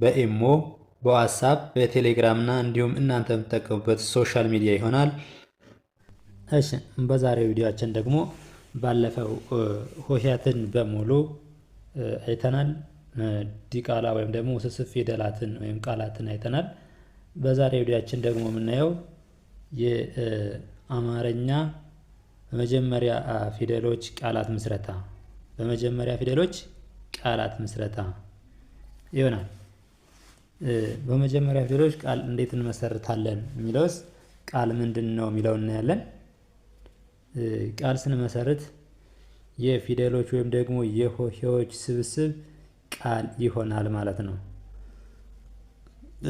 በኢሞ በዋትሳፕ በቴሌግራም እና እንዲሁም እናንተ የምትጠቀሙበት ሶሻል ሚዲያ ይሆናል። እሺ በዛሬው ቪዲዮችን ደግሞ ባለፈው ሆሄያትን በሙሉ አይተናል። ዲቃላ ወይም ደግሞ ውስብስብ ፊደላትን ወይም ቃላትን አይተናል። በዛሬው ቪዲዮችን ደግሞ የምናየው የአማርኛ በመጀመሪያ ፊደሎች ቃላት ምስረታ በመጀመሪያ ፊደሎች ቃላት ምስረታ ይሆናል። በመጀመሪያ ፊደሎች ቃል እንዴት እንመሰርታለን የሚለውስ ቃል ምንድን ነው የሚለው እናያለን። ቃል ስንመሰርት የፊደሎች ወይም ደግሞ የሆሄዎች ስብስብ ቃል ይሆናል ማለት ነው።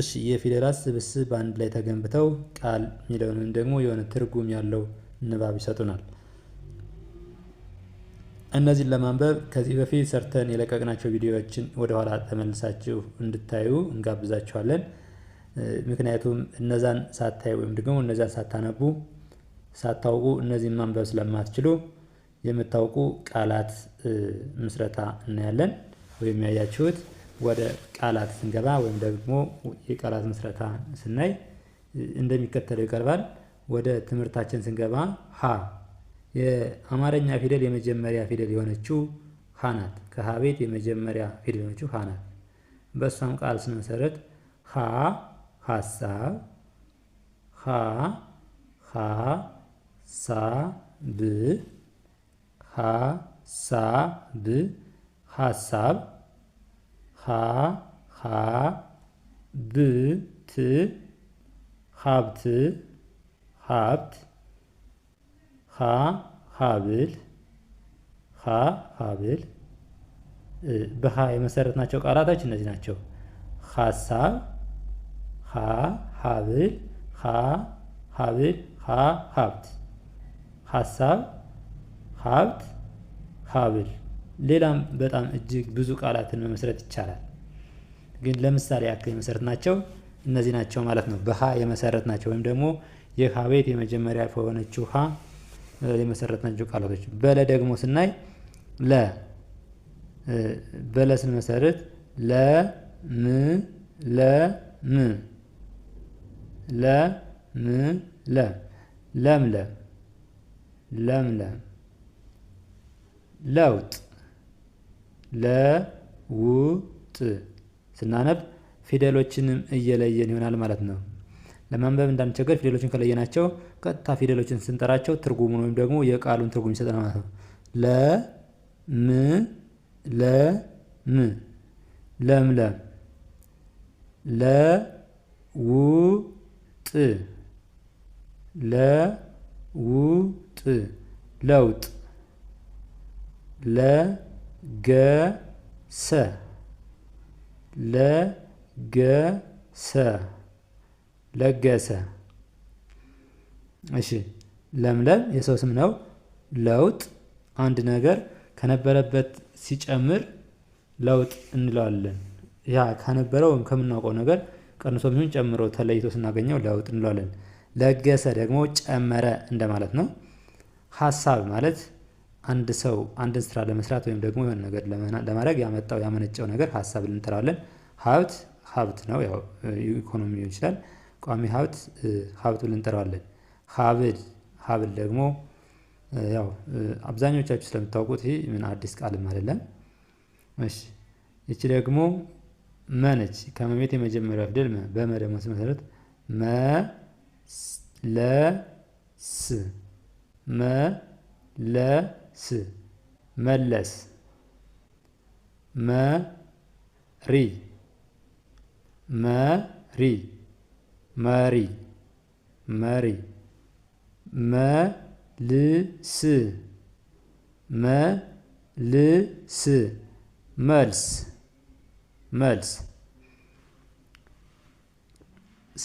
እሺ የፊደላት ስብስብ በአንድ ላይ ተገንብተው ቃል የሚለውን ደግሞ የሆነ ትርጉም ያለው ንባብ ይሰጡናል። እነዚህን ለማንበብ ከዚህ በፊት ሰርተን የለቀቅናቸው ቪዲዮዎችን ወደኋላ ተመልሳችሁ እንድታዩ እንጋብዛችኋለን። ምክንያቱም እነዛን ሳታይ ወይም ደግሞ እነዛን ሳታነቡ ሳታውቁ እነዚህን ማንበብ ስለማትችሉ የምታውቁ ቃላት ምስረታ እናያለን። ወይም ያያችሁት ወደ ቃላት ስንገባ ወይም ደግሞ የቃላት ምስረታ ስናይ እንደሚከተለው ይቀርባል። ወደ ትምህርታችን ስንገባ ሀ የአማርኛ ፊደል የመጀመሪያ ፊደል የሆነችው ሃናት ናት። ከሀ ቤት የመጀመሪያ ፊደል የሆነችው ሀ ናት። በእሷም ቃል ስንመሰረት ሀ ሀሳብ፣ ሀ ሀ ሳ ብ ሀ ሳ ብ ሀሳብ፣ ሀ ሀ ብ ት ሀብት ሀብት ሀ ሀብል ሀ ሀብል በሀ ናቸው ቃላቶች እነዚህ ናቸው። ሀሳብ ሀ ሀብል ሀ ሀብል ሀ ሀብት ሀሳብ ሀብት ሀብል ሌላም በጣም እጅግ ብዙ ቃላትን መመስረት ይቻላል። ግን ለምሳሌ ያክል የመሰረት ናቸው እነዚህ ናቸው ማለት ነው። በሀ የመሰረት ናቸው ወይም ደግሞ የሀ ቤት የመጀመሪያ ከሆነችው ሀ የመሰረትናቸው ቃላቶች በለ ደግሞ ስናይ ለ በለ ስንመሰርት ለ ም ለ ም ለ ም ለ ለምለም ለምለም ለውጥ ለውጥ ስናነብ ፊደሎችንም እየለየን ይሆናል ማለት ነው። ለማንበብ እንዳንቸገር ፊደሎችን ከለየናቸው ቀጥታ ፊደሎችን ስንጠራቸው ትርጉሙን ወይም ደግሞ የቃሉን ትርጉም ይሰጠን ማለት ነው። ለ ም ለ ም ለምለም ለ ው ጥ ለ ው ጥ ለውጥ ለ ገ ሰ ለ ገ ሰ ለገሰ እሺ ለምለም የሰው ስም ነው። ለውጥ አንድ ነገር ከነበረበት ሲጨምር ለውጥ እንለዋለን። ያ ከነበረው ወይም ከምናውቀው ነገር ቀንሶ ቢሆን ጨምሮ ተለይቶ ስናገኘው ለውጥ እንለዋለን። ለገሰ ደግሞ ጨመረ እንደማለት ነው። ሀሳብ ማለት አንድ ሰው አንድን ስራ ለመስራት ወይም ደግሞ የሆነ ነገር ለማድረግ ያመጣው ያመነጨው ነገር ሀሳብ ልንጠራለን። ሀብት ሀብት ነው፣ ያው ኢኮኖሚ ይችላል። ቋሚ ሀብት ሀብት ሀብቱ እንጠራዋለን። ሀብል ሀብል ደግሞ ያው አብዛኞቻችሁ ስለምታውቁት ይሄ ምን አዲስ ቃልም አይደለም። እሺ ይቺ ደግሞ መነች ከመቤት የመጀመሪያው ፊደል መ በመ ደግሞ መሰረት መ ለ ስ መ ለ ስ መለስ መሪ መሪ መሪ መሪ መልስ መልስ መልስ መልስ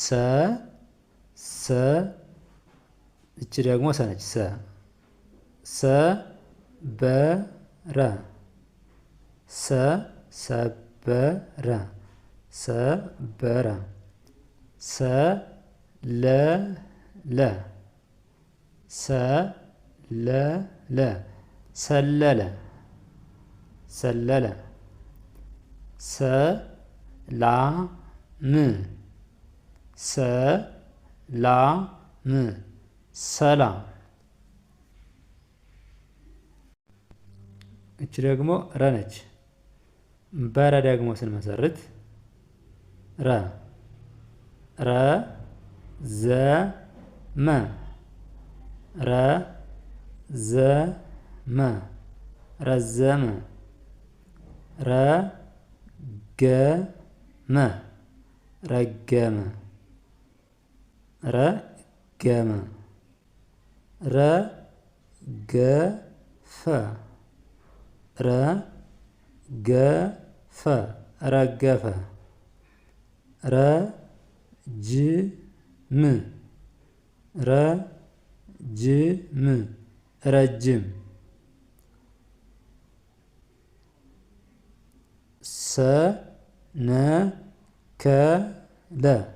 ሰ ሰ እቺ ደግሞ ሰ ነች። ሰ ሰ በረ ሰ ሰበረ ሰ ሰ ለ ሰለለ ሰለለ ሰለለ ሰላም ሰላም ሰላም እች ደግሞ ረ ነች። በረ ደግሞ ስንመሰርት ረ ረ ረዘመ ረዘመ ረዘመ ረገመ ረገመ ረገመ ረገፈ ረገፈ ረገፈ ረጅም ረ ጅም ረጅም ሰነከለ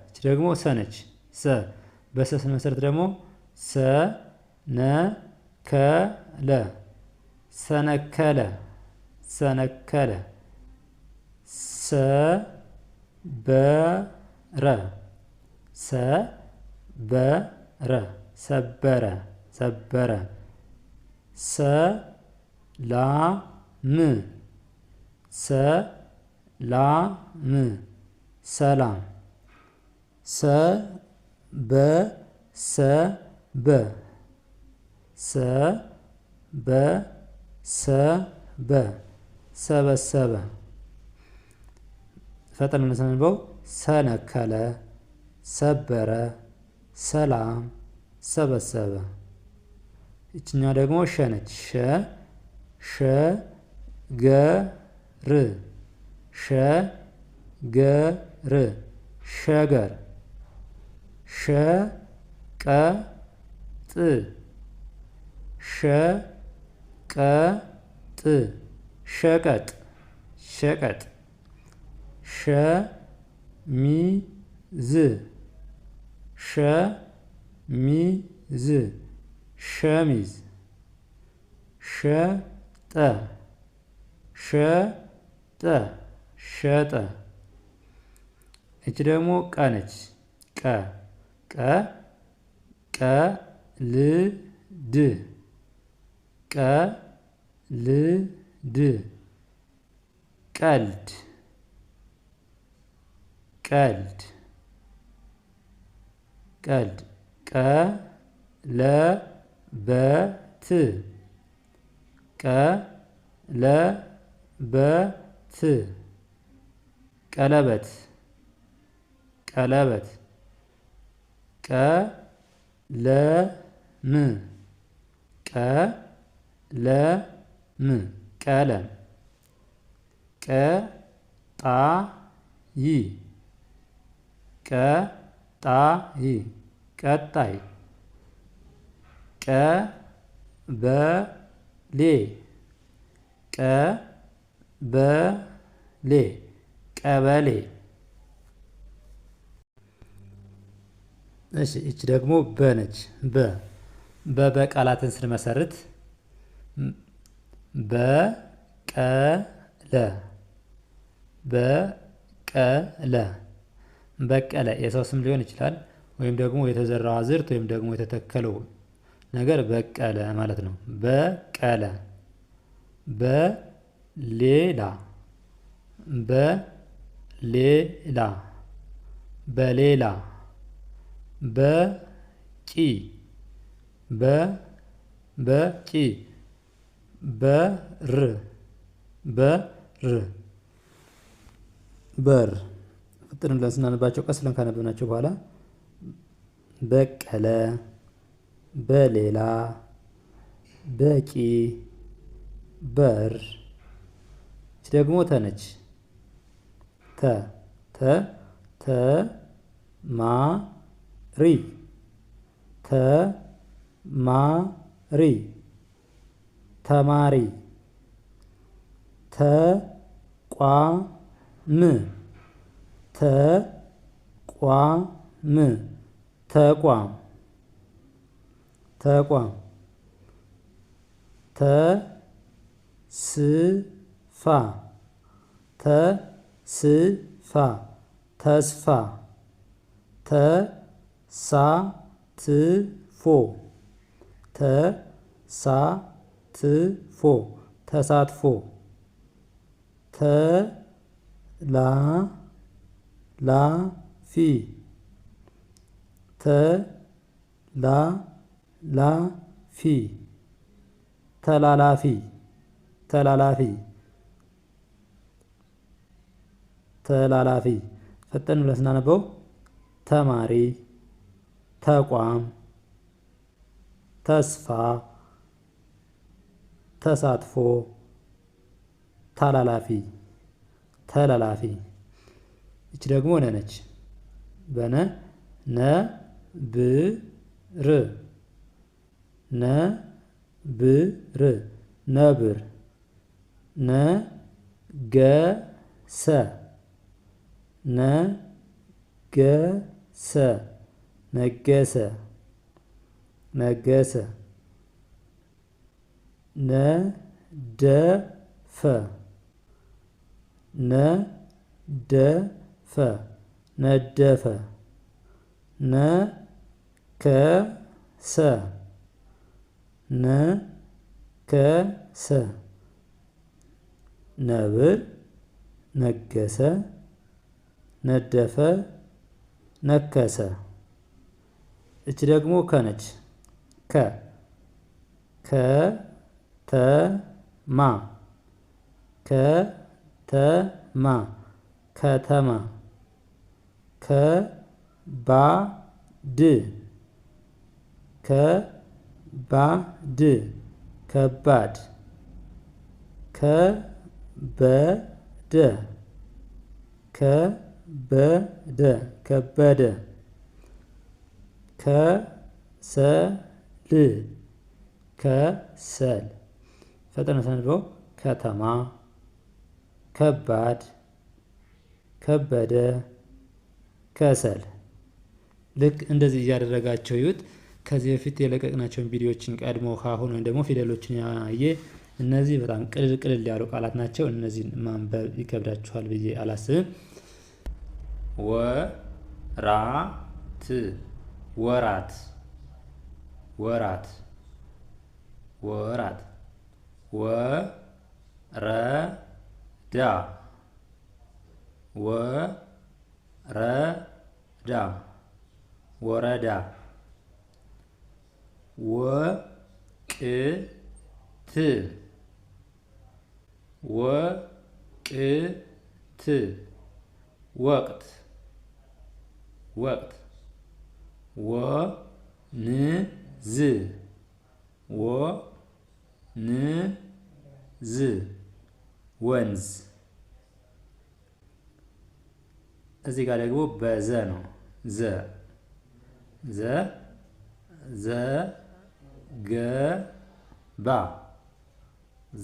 ይች ደግሞ ሰነች ሰ በሰ ስንመሰርት ደግሞ ሰነከለ ሰነከለ ሰነከለ ሰበረ ሰበረ ሰበረ ሰበረ ሰላም ሰላም ሰላም ሰበሰበ ሰበሰበ ሰበሰበ ፈጠን ብለን ሰነከለ ሰበረ ሰላም ሰበሰበ። ይችኛ ደግሞ ሸ ነች። ሸ ሸ ገ ር ሸ ገ ር ሸገር ሸ ቀ ጥ ሸ ቀ ጥ ሸቀጥ ሸቀጥ ሸ ሚ ዝ ሸ ሚዝ ሸሚዝ ሸጠ ሸጠ ሸጠ። እች ደግሞ ቀ ነች። ቀ ቀ ቀልድ ቀልድ ቀልድ ቀልድ ቀልድ ቀለበት ቀለበት ቀለበት ቀለበት ቀለም ቀለም ቀለም ቀጣይ ቀጣይ ቀጣይ ቀበሌ ቀበሌ ቀበሌ። እሺ እቺ ደግሞ ነች። በ በ ቃላትን ስንመሰርት ቀ ለ በቀለ የሰው ስም ሊሆን ይችላል። ወይም ደግሞ የተዘራው አዝርት ወይም ደግሞ የተተከለው ነገር በቀለ ማለት ነው። በቀለ በሌላ በሌላ በሌላ በቂ በ በቂ በር በር በር ፍጥርን ብለን ስናነባቸው ቀስ ብለን ካነበብናቸው በኋላ በቀለ በሌላ በቂ በር ደግሞ ተነች ተ ተ ተ ማ ሪ ተ ማ ሪ ተማሪ ተ ቋ ም ተ ቋ ም 推广。推广。特执法，特执法，特执法，特啥执法，特啥执法，特啥执法，特啦啦飞。ተላላፊ ተላላፊ ተላላፊ ተላላፊ ፈጠን ብለን ስናነበው ተማሪ ተቋም ተስፋ ተሳትፎ ተላላፊ ተላላፊ ይች ደግሞ ነነች በነ ነ ብር ነብር ነብር ነገሰ ነገሰ ነገሰ ነገሰ ነደፈ ነደፈ ነደፈ ነ ከሰ ነ ከሰ ነብር ነገሰ ነደፈ ነከሰ እች ደግሞ ከነች ከ ከተማ ከተማ ከተማ ከባድ ከባድ ከባድ ከበደ ከበደ ከበደ ከሰል ከሰል ፈጠነ ሰንዶ ከተማ ከባድ ከበደ ከሰል ልክ እንደዚህ እያደረጋቸው ይዩት። ከዚህ በፊት የለቀቅናቸውን ቪዲዮዎችን ቀድሞ ካሁን ወይም ደግሞ ፊደሎችን ያየ እነዚህ በጣም ቅልል ቅልል ያሉ ቃላት ናቸው። እነዚህን ማንበብ ይከብዳችኋል ብዬ አላስብም። ወራት ወራት ወራት ወራት ወረዳ ወረዳ ወረዳ ወቅት ወቅት ወቅት ወቅት ወንዝ ወንዝ ወንዝ እዚህ ጋር ደግሞ በዘ ነው። ዘ ዘ ገባ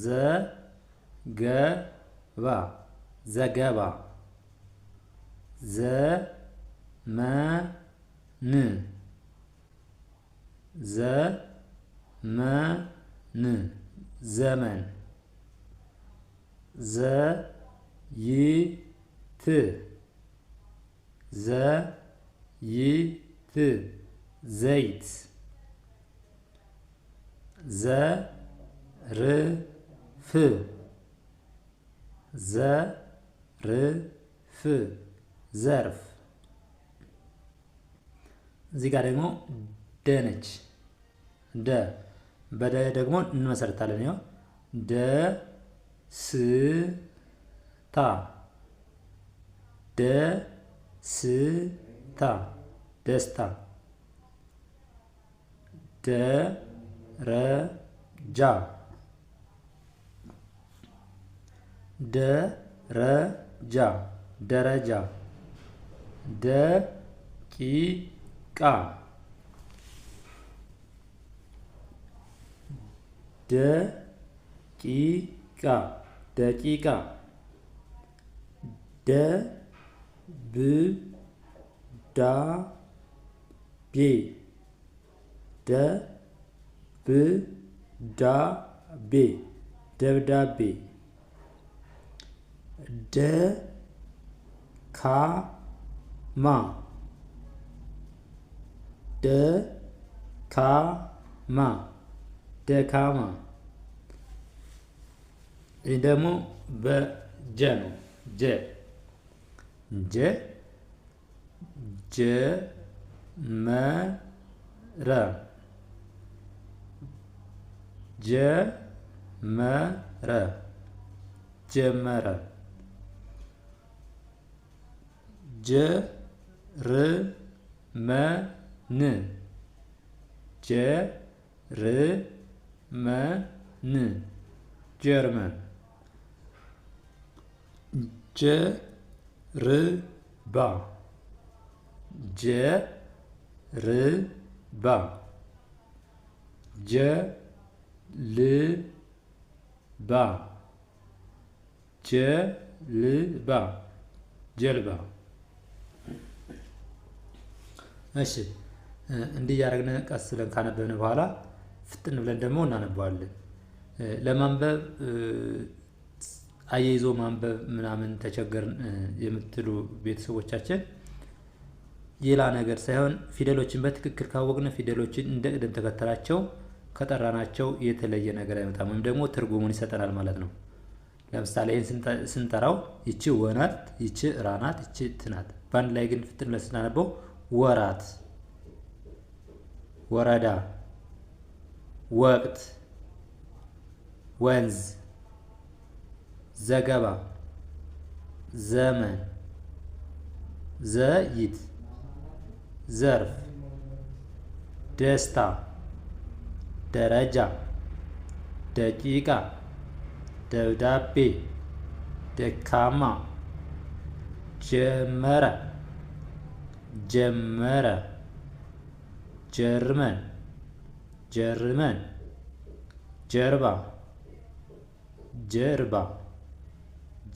ዘገባ ዘገባ ዘመን ዘ ዘመን ዘመን ዘይት ዘይት ዘይት ዘርፍ ዘርፍ ዘርፍ። እዚህ ጋር ደግሞ ደ ነች። ደ በደ ደግሞ እንመሰርታለን። ያው ደ ስ ታ ደ ስ ታ ደስታ ደ ደረጃ ደረጃ ደረጃ ደቂቃ ደቂቃ ደቂቃ ደብዳቤ ደ ብዳቤ ደብዳቤ ደካማ ደካማ ደካማ ይህ ደግሞ በጀ ነው። ጀ ጀ ጀመረ ጀመረ ጀመረ ጀርመን ጀርመን ጀርመን ጀርባ ጀርባ ጀ ልባ ጀልባ ጀልባ። እሺ እንዲህ እያደረግን ቀስ ብለን ካነበብን በኋላ ፍጥን ብለን ደግሞ እናነበዋለን። ለማንበብ አያይዞ ማንበብ ምናምን ተቸገርን የምትሉ ቤተሰቦቻችን ሌላ ነገር ሳይሆን ፊደሎችን በትክክል ካወቅነ ፊደሎችን እንደ ቅደም ተከተላቸው ከጠራናቸው የተለየ ነገር አይመጣም፣ ወይም ደግሞ ትርጉሙን ይሰጠናል ማለት ነው። ለምሳሌ ይህን ስንጠራው ይቺ ወናት፣ ይቺ ራናት፣ ይቺ ትናት። በአንድ ላይ ግን ፍጥነት ብለን ስናነበው ወራት፣ ወረዳ፣ ወቅት፣ ወንዝ፣ ዘገባ፣ ዘመን፣ ዘይት፣ ዘርፍ፣ ደስታ ደረጃ፣ ደቂቃ፣ ደብዳቤ፣ ደካማ፣ ጀመረ፣ ጀመረ፣ ጀርመን፣ ጀርመን፣ ጀርባ፣ ጀርባ፣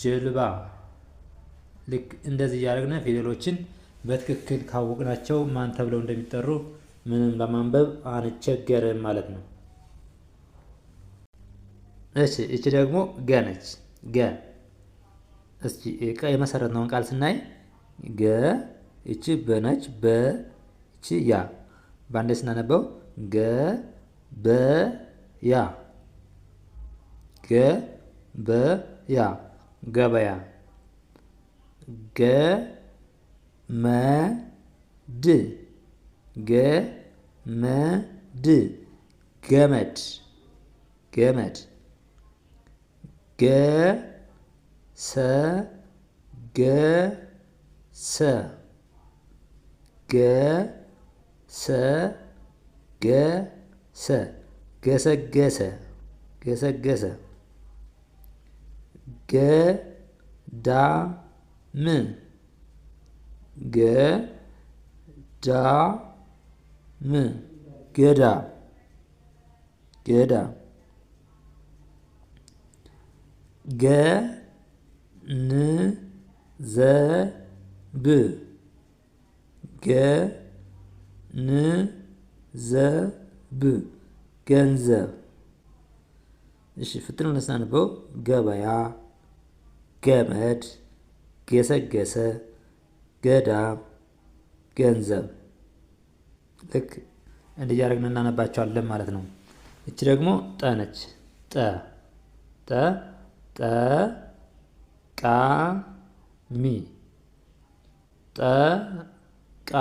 ጀልባ። ልክ እንደዚህ እያደረግን ፊደሎችን በትክክል ካወቅናቸው ማን ተብለው እንደሚጠሩ ምንም ለማንበብ አንቸገርም ማለት ነው። እሺ እቺ ደግሞ ገ ነች። ገ እስኪ የመሰረትነውን ቃል ስናይ ገ እቺ በነች እቺ ያ በአንዴ ስናነበው ገ ያ ገ ያ ገበያ ገ ድ ገመድ ገመድ ገመድ ገሰገሰ ገሰገሰ ገሰገሰ ገሰገሰ ገዳም ገዳም ም ገዳ ገዳ ገ ን ዘ ብ ገ ን ዘ ብ ገንዘብ። እሺ ፍጥን ልናስናንበው ገበያ፣ ገመድ፣ ገሰገሰ፣ ገዳ ገንዘብ ልክ እንዲህ እናነባቸዋለን ማለት ነው። እቺ ደግሞ ጠ ነች። ጠ ጠ ጠ ቃ ሚ ጠ ቃ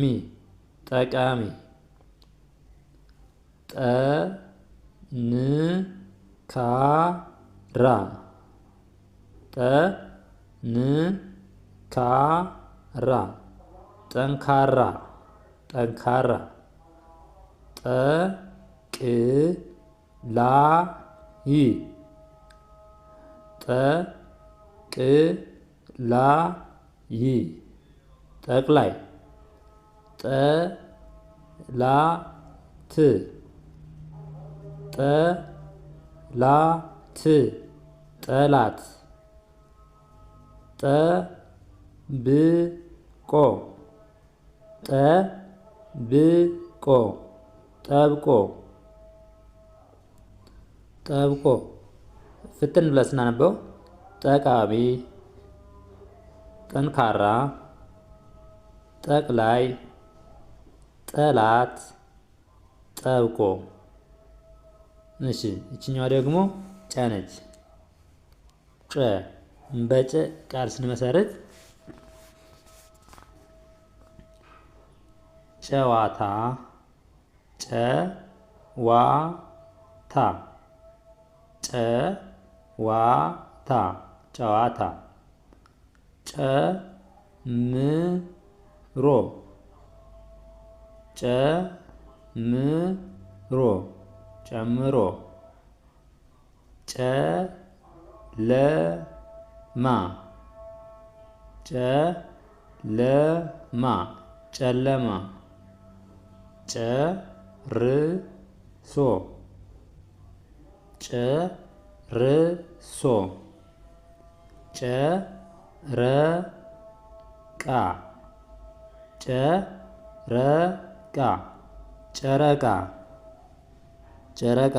ሚ ጠቃሚ ጠ ን ካ ራ ጠ ን ካ ራ ጠንካራ ጠንካራ ጠቅላይ ጠቅላይ ጠቅላይ ጠላት ጠላት ጠላት ጠብቆ ጠ ብቆ ጠብቆ ጠብቆ ፍትን ብለን ስናነበው ጠቃሚ፣ ጠንካራ፣ ጠቅላይ፣ ጠላት፣ ጠብቆ። እሺ እችኛዋ ደግሞ ጨነች ጨ በጨ ቃል ስንመሰርት ጨዋታ ጨዋታ ጨ ጨዋታ ጨዋታ ጨምሮ ጨምሮ ጨምሮ ጨለማ ጨለማ ጨለማ ጨርሶ ጨርሶ ጨረቃ ጨረቃ ጨረቃ ጨረቃ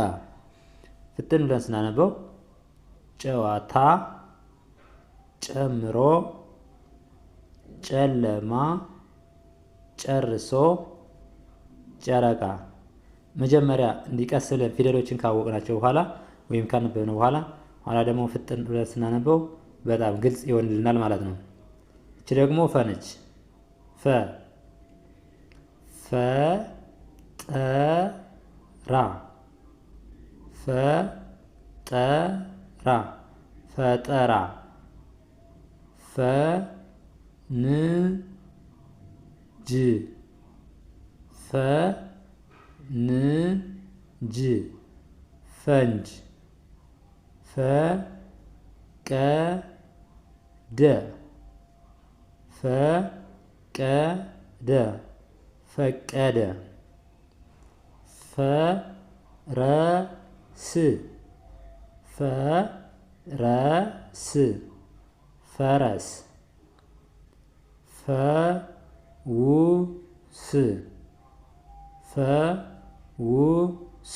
ፍትን ብለን ስናነበው ጨዋታ ጨምሮ ጨለማ ጨርሶ ጨረቃ መጀመሪያ እንዲቀስል ፊደሎችን ካወቅናቸው በኋላ ወይም ካነበብነው በኋላ ኋላ ደግሞ ፍጥን ብለን ስናነበው በጣም ግልጽ ይሆንልናል ማለት ነው። እቺ ደግሞ ፈነች ፈ ፈጠራ ፈጠራ ፈጠራ ፈንጅ ፈንጅ ፈንጅ ፈቀደ ፈቀደ ፈቀደ ፈረስ ፈረስ ፈረስ ፈውስ ፈውስ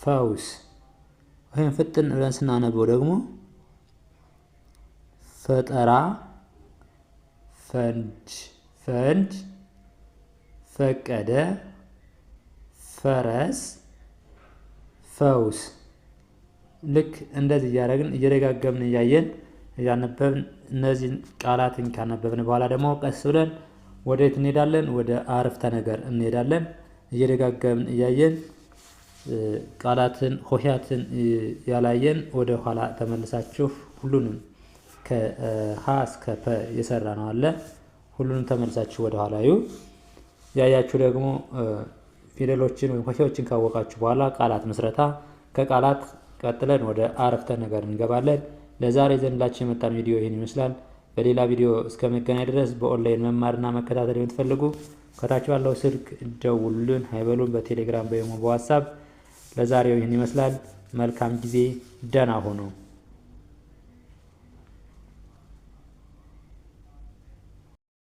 ፈውስ። ወይም ፍጥን ብለን ስናነበው ደግሞ ፈጠራ፣ ፈንድ ፈንድ፣ ፈቀደ፣ ፈረስ፣ ፈውስ። ልክ እንደዚህ እያደረግን እየደጋገምን እያየን እያነበብን እነዚህን ቃላትን ካነበብን በኋላ ደግሞ ቀስ ብለን ወደየት እንሄዳለን? ወደ አረፍተ ነገር እንሄዳለን። እየደጋገምን እያየን ቃላትን ሆሄያትን ያላየን ወደ ኋላ ተመልሳችሁ ሁሉንም ከሀ እስከ ፐ የሰራ ነው አለ። ሁሉንም ተመልሳችሁ ወደ ኋላ ዩ ያያችሁ ደግሞ ፊደሎችን ወይም ሆሄዎችን ካወቃችሁ በኋላ ቃላት ምስረታ፣ ከቃላት ቀጥለን ወደ አረፍተ ነገር እንገባለን። ለዛሬ ዘንላችን የመጣን ቪዲዮ ይህን ይመስላል። በሌላ ቪዲዮ እስከ መገናኝ ድረስ በኦንላይን መማርና መከታተል የምትፈልጉ ከታች ባለው ስልክ ደውሉልን፣ አይበሉን። በቴሌግራም፣ በኢሞ፣ በዋትሳፕ። ለዛሬው ይህን ይመስላል። መልካም ጊዜ፣ ደህና ሆኖ።